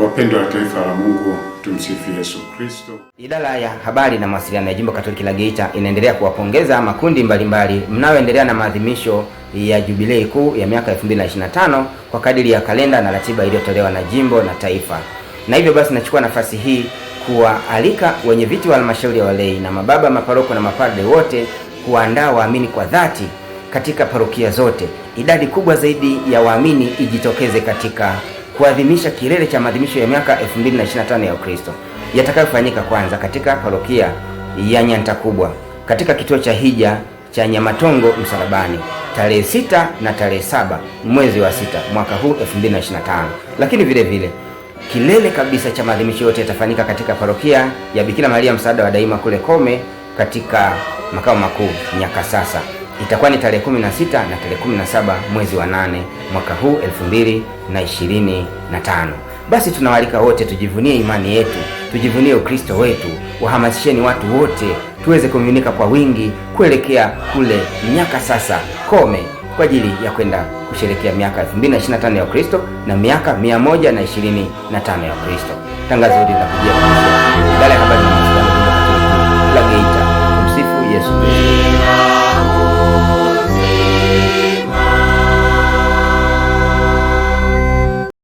Wapendwa wa taifa la Mungu, tumsifu Yesu Kristo. Idara ya habari na mawasiliano ya Jimbo Katoliki la Geita inaendelea kuwapongeza makundi mbalimbali mnayoendelea na maadhimisho ya jubilei kuu ya miaka 2025 kwa kadiri ya kalenda na ratiba iliyotolewa na jimbo na taifa, na hivyo basi nachukua nafasi hii kuwaalika wenye viti wa halmashauri ya walei na mababa maparoko na mapadre wote kuandaa waamini kwa dhati katika parokia zote, idadi kubwa zaidi ya waamini ijitokeze katika kuadhimisha kilele cha maadhimisho ya miaka 2025 ya Ukristo yatakayofanyika kwanza katika parokia ya nyanta kubwa katika kituo cha hija cha Nyamatongo Msalabani tarehe sita na tarehe saba mwezi wa sita mwaka huu 2025. Lakini vile vile kilele kabisa cha maadhimisho yote yatafanyika katika parokia ya Bikira Maria Msaada wa Daima kule Kome katika makao makuu Nyakasasa itakuwa ni tarehe 16 na tarehe 17 mwezi wa 8 mwaka huu 2025. Basi tunawalika wote tujivunie imani yetu, tujivunie Ukristo wetu. Wahamasisheni watu wote tuweze kumiminika kwa wingi kuelekea kule miaka sasa kome kwa ajili ya kwenda kusherekea miaka 2025 ya Ukristo na miaka 125 ya Ukristo. Tangazo hili linakujia kwa Habari